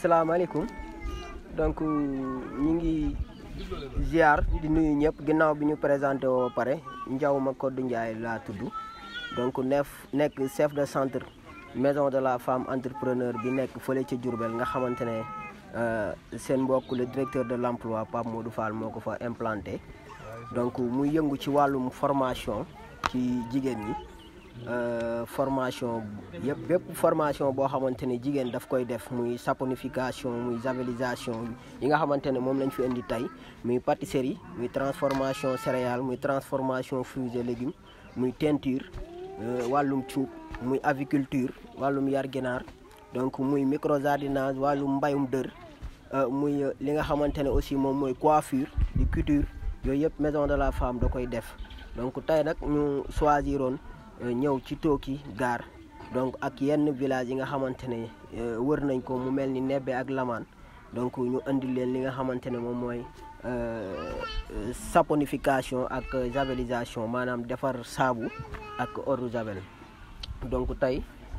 salaamaaleykum donc euh, ñu ngi ziar di nuyu ñëpp ginnaaw bi ñu présenté woo pare Ndiaw Macodou Ndiaye laa tudd donc neef nekk chef de centre maison de la femme entrepreneur bi nekk fële ca Diourbel nga xamante ne euh, seen mbokk le directeur de l' emploi Pape Modou Fall moo ko fa implanté donc muy yëngu ci wàllum formation ci jigéen ñi. Euh, formation yëpp bépp formation boo xamante ne jigéen daf koy def muy saponification muy javelisation yi nga xamante ne moom lañ fi indi tey muy pâtisserie muy transformation céréale muy transformation fruits et légumes muy teinture euh, wàllum cuub muy aviculture wàllum yar ginaar donc muy microjardinage wàllum mbayum dër euh, muy li nga xamante ne aussi moom mooy coiffure di couture yooyu yëpp maison de la femme da koy def donc tey nag ñu choisiroon Euh, ñëw ci Tooki gaar donc ak yenn village yi nga xamante ne euh, wër nañ ko mu mel ni Nebbe ak Lamaan donc ñu indi leen li nga xamante ne moom mooy euh, saponification ak javelisation maanaam defar saabu ak eau javel donc tey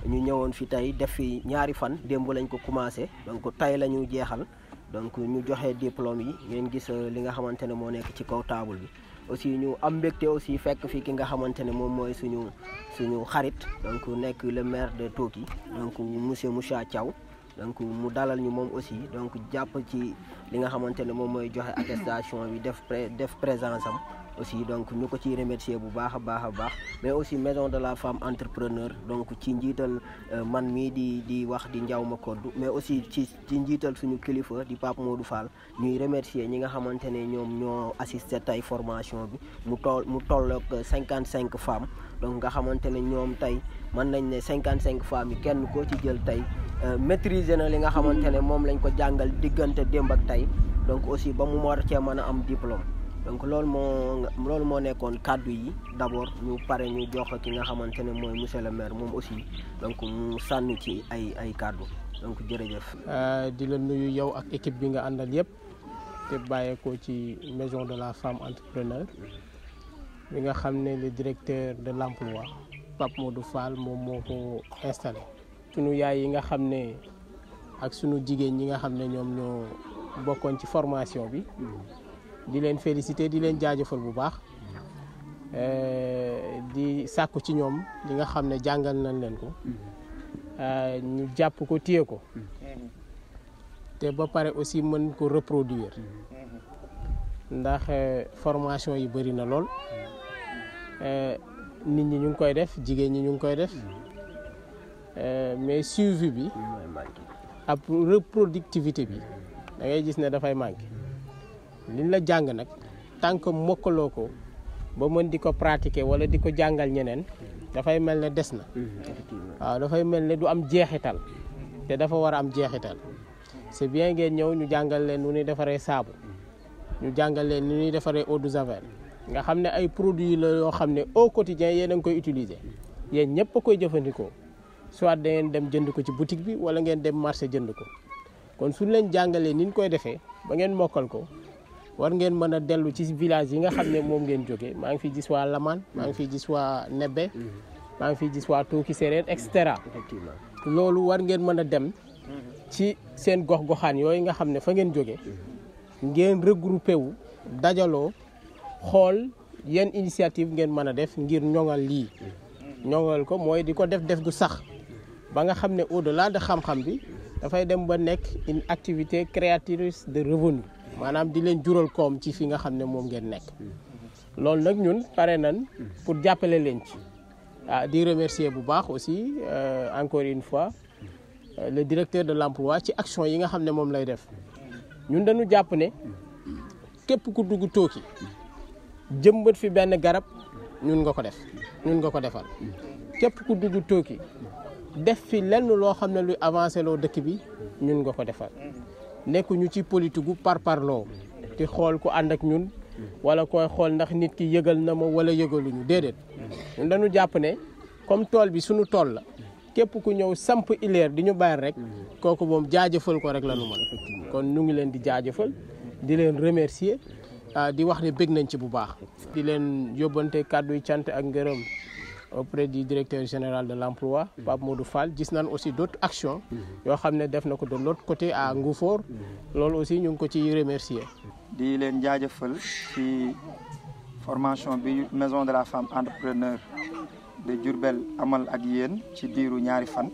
ñu ñëwoon fi tey def fi ñaari fan démb lañ ko commencé donc tey la ñu jeexal donc ñu joxe diplôme yi ngeen gis li nga xamante ne moo nekk ci kaw taabul bi aussi ñu am mbégte aussi fekk fi ki nga xamante ne moom mooy suñu suñu xarit donc nekk le maire de Toki donc monsieur Moussa Thiaw donc mu dalal ñu moom aussi donc jàpp ci li nga xamante ne moom mooy joxe attestation bi def def présence am aussi donc ñu ko ciy remercier bu baax a baax a baax mais aussi maison de la femme entrepreneur donc ci njiital euh, man mii di di wax di njaw ma koddu mais aussi ci ci njiital suñu kilifa di Pape du Fall ñuy remercier ñi nga xamante ne ñoom ñoo assisté tey formation bi mu toll mu tolloog cinquante cinq femmes donc nga xamante ne ñoom tey mën nañ ne cinquante cinq femmes yi kenn koo ci jël tey euh, maitriser na li nga xamante ne moom lañ ko jàngal diggante démb ak tey donc aussi ba mu war cee mën a am diplôme donc loolu moo loolu moo nekkoon kàddu yi d'abord ñu pare ñu jox ki nga xamante ne mooy monsieur le maire moom aussi donc mu sànni ci ay ay kàddu donc jërëjëf. Euh, di la nuyu yow ak équipe bi nga àndal yëpp te bàyyeekoo ci maison de la femme entrepreneur bi nga xam ne le directeur de l'emploi Pape du Fall moom moo ko installé. sunu yaay yi nga xam ne ak sunu jigéen ñi nga xam ne ñoom ñoo bokkoon ci formation bi. Mm. di leen féliciter di leen jaajëfal bu baax euh, di sàkku ci ñoom li nga xam ne jàngal nañ leen ko euh, ñu jàpp ko téye ko te ba pare aussi mën ko reproduire ndax euh, formation yi bëri na lool nit ñi ñu ngi koy def jigéen ñi ñu ngi koy def mais suivi bi ab reproductivité bi da ngay gis ne dafay manqué liñ la jàng nag tant que mokkaloo ko ba mën di ko pratiquer wala di ko jàngal ñeneen dafay mel ne des na hmm, waaw dafay mel ne du am jeexital te dafa war a am jeexital c'est bien ngeen ñëw ñu jàngal leen nu nuy defaree saabu ñu jàngal leen nu ñuy defaree eau de javel nga xam ne ay produits la yoo xam ne au quotidien yéen a ngi koy utiliser yéen ñëpp koy jëfandikoo soit da ngeen dem jënd ko ci boutique bi wala ngeen dem marché jënd ko kon suñ leen jàngalee ni ñu koy defee ba ngeen mokkal ko war ngeen mën a dellu ci village yi nga xam ne moom ngeen jógee maa ngi fi gis waa Laman maa ngi fi gis waa Nebbe maa ngi fi gis waa Tooki Séeréer et cetera loolu war ngeen mën a dem ci seen gox-goxaan yooyu nga xam ne fa ngeen jóge ngeen regroupé wu dajaloo xool yenn initiative ngeen mën a def ngir ñoŋal lii ñoŋal ko mooy di ko def def gu sax ba nga xam ne au delà de xam-xam bi dafay dem ba nekk une activité créatrice de revenu maanaam di leen jural koom ci fi nga xam ne moom ngeen nekk loolu nag ñun pare nañ pour jàppale leen ci ah di remercier bu baax aussi euh, encore une fois euh, le directeur de l'emploi ci action yi nga xam ne moom lay def ñun dañu jàpp ne képp ku dugg tooki jëmbat fi benn garab ñun nga ko def ñun nga ko defal képp ku dugg tooki def fi lenn loo xam ne luy avancé loo dëkk bi ñun nga ko defal nekkuñu ci politique gu par parloo di xool ku ànd ak ñun wala koy xool ndax nit ki yëgal na ma wala yëgaluñu déedéet ñun dañu jàpp ne comme tool bi suñu tool la képp ku ñëw samp ileer di ñu bàyyi rek kooku moom jaajëfal ko rek lanu nu kon ñu ngi leen di jaajëfal di leen remercier ah, di wax ne bëgg nañ ci bu baax di leen yóbbante kàddu yi cant ak ngërëm auprès du directeur général de l'emploi Pape Modou Fall gis nañ aussi d'autres actions yoo xam ne def na ko de l'autre côté à ngufoor loolu aussi ñu ngi ko ci remercier di leen jaajëfal ci formation bi maison de la femme entrepreneur de jurbel amal ak yéen ci diiru ñaari fan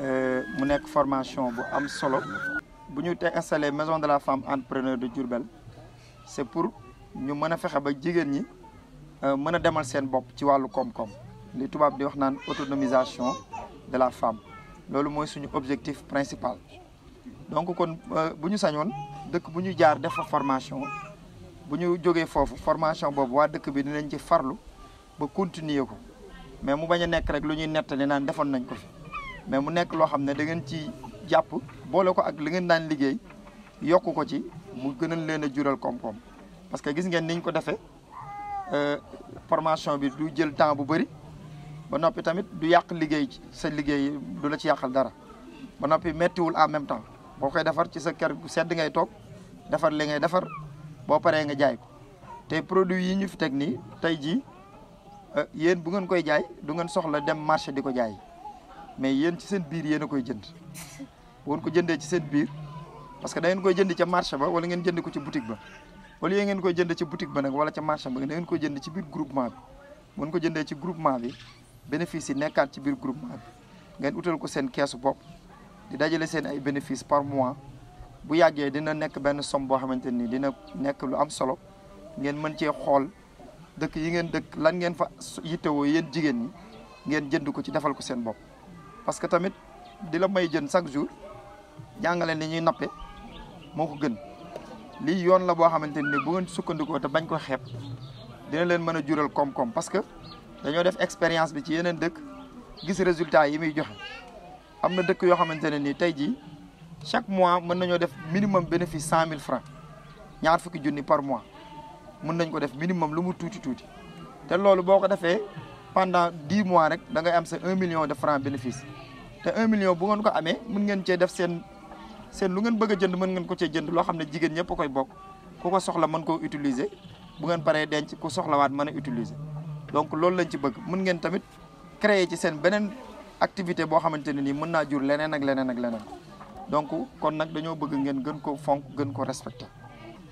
euh, mu nekk formation bu am solo bu ñu te installé maison de la femme entrepreneur de Diourbel c'est pour ñu mën a fexe ba jigéen ñi Euh, mën a demal seen bopp ci wàllu koom-koom li tubaab di wax naan autonomisation de la femme loolu mooy suñu objectif principal donc kon euh, bu ñu sañoon dëkk bu ñu jaar def formation bu ñu jógee foofu formation boobu waa dëkk bi dinañ ci farlu ba continuer ko mais mu bañ a nekk rek lu ñuy nettali naan defoon nañ ko fi mais mu nekk loo xam ne da ngeen ci jàpp boole ko ak li ngeen daan liggéey yokk ko ci mu gën a leen a jural koom-koom parce que gis ngeen niñ ko defee Euh, formation bi du jël temps bu bëri ba noppi tamit du yàq liggéey ci sa liggéey du la ci yàqal dara ba noppi méttiwul en même temps boo koy defar ci sa kër gu sedd ngay toog defar li ngay defar boo paree nga jaay ko te produits yi ñu fi teg nii tey jii euh, yéen bu ngeen koy jaay du ngeen soxla dem marché di ko jaay mais yéen ci seen biir yéen a koy jënd bu ngeen ko jëndee ci seen biir parce que da ngeen koy jënd ca marché ba wala ngeen jënd ko ci boutique ba au lieu ngeen koy jënd ci boutique ba nag wala ca marchand ba da ngeen koy jënd ci biir groupement bi mën ko jëndee ci groupement bi bénéfice yi nekkaat ci biir groupement bi ngeen utal ko seen keesu bopp di dajale seen ay bénéfice par mois bu yàggee dina nekk benn somme boo xamante ni dina nekk lu am solo ngeen mën cee xool dëkk yi ngeen dëkk lan ngeen fa yittewoo yéen jigéen ñi ngeen jënd ko ci defal ko seen bopp parce que tamit di la may jën chaque jour jàngale ni ñuy nappe moo ko gën lii yoon la boo xamante ni bu ngeen sukkandikoo te bañ ko xeeb dina leen mën a jural koom-koom parce que dañoo def expérience bi ci yeneen dëkk gis résultat yi muy joxe am na dëkk yoo xamante ne ni tey jii chaque mois mën nañoo def minimum bénéfice cent mille francs ñaar fukki junni par mois mën nañ ko def minimum lu mu tuuti tuuti te loolu boo ko defee pendant dix mois rek da nga am sa un million de francs bénéfice te un million bu ngeen ko amee mën ngeen cee def seen seen lu ngeen bëgg jënd mën ngeen ko cee jënd loo xam ne jigéen ñëpp koy bokk ko ko soxla mën koo utiliser bu ngeen paree denc ku soxlawaat mën a utiliser donc loolu lañ ci bëgg mën ngeen tamit créer ci seen beneen activité boo xamante ne nii mën naa jur leneen ak leneen ak leneen donc kon nag dañoo bëgg ngeen gën ko fonk gën ko respecté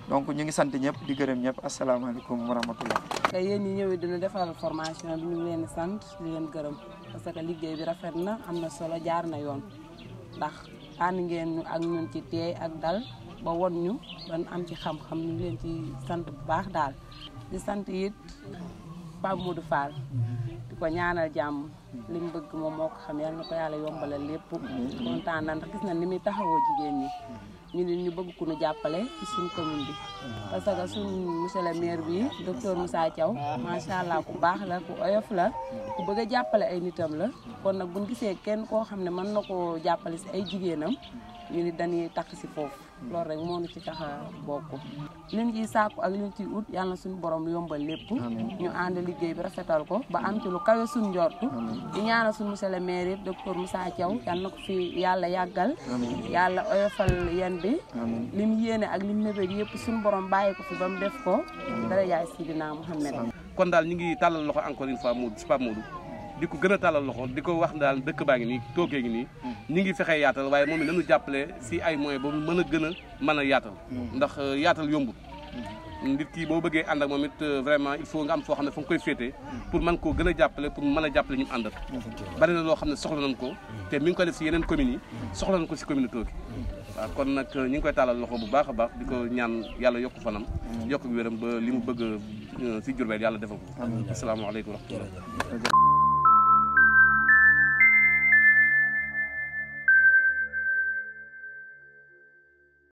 donc ñu ngi sant ñëpp di gërëm ñëpp asalaamaaleykum wa rahmatullah te yéen ñi ñëwee dina defal formation bi ñu ngi leen di sant di leen gërëm parce que liggéey bi rafet na am na solo jaar na yoon ndax ànd ngeen ak ñun ci teey ak dal ba won ñu ban am ci xam-xam ñu leen ci sant bu baax daal di sant it Pape Modou Fall di ko ñaanal jàmm li bëgg moom moo ko xam yàlla na ko yàlla yombalal lépp kontaan ndax gis na ni muy taxawoo jigéen ñi ñu ne ñu bëgg ku ñu jàppale ci suñ commune bi parce que suñ monsieur le maire bi docteur Moussa Thiaw macha allah ku baax la ku oyof la ku bëgg a jàppale ay nitam la kon nag buñ gisee kenn koo xam ne mën na koo jàppale si ay jigéenam ñu ni dañuy takk si foofu loolu rek moo nu ci tax a bokk liñ ciy sàkku ak liñ ciy ut yàlla suñu borom yombal lépp ñu ànd liggéey bi rafetal ko ba am ci lu kawe suñ njortu di ñaanal suñu monsieur le maire yëpp docteur Moussa Thiaw yal na ko fi yàlla yàggal yàlla oyofal yen bi lim yéene ak lim mébét yëpp suñu borom bàyyi ko fi ba mu def ko dara yaay Sidina Mouhamed kon daal ñu ngi tàllal loxo encore une fois Modou Pape di ko gën a tàllal loxo di ko wax daal dëkk baa ngi nii toogee ngi nii mm. ñi ngi fexee yaatal waaye moom it nañu jàppale si ay moyens ba mu mën a gën a mën a yaatal mm. ndax euh, yaatal yombul mm. ndi kii boo bëggee ànd ak moom it euh, vraiment il faut nga am foo xam ne fa nga koy féetee pour man koo gën a jàppale pour mën a jàppale ñu àndal bari na loo xam ne soxla nañ ko te mi ngi koy def si yeneen communes yi soxla nañ ko si commune Tooki kon nag euh, ñu ngi koy tàllal loxo bu baax a baax di ko ñaan yàlla yokk fanam yokk wéram ba li mu bëgg si Diourbel yàlla defal ko asalaamaaleykum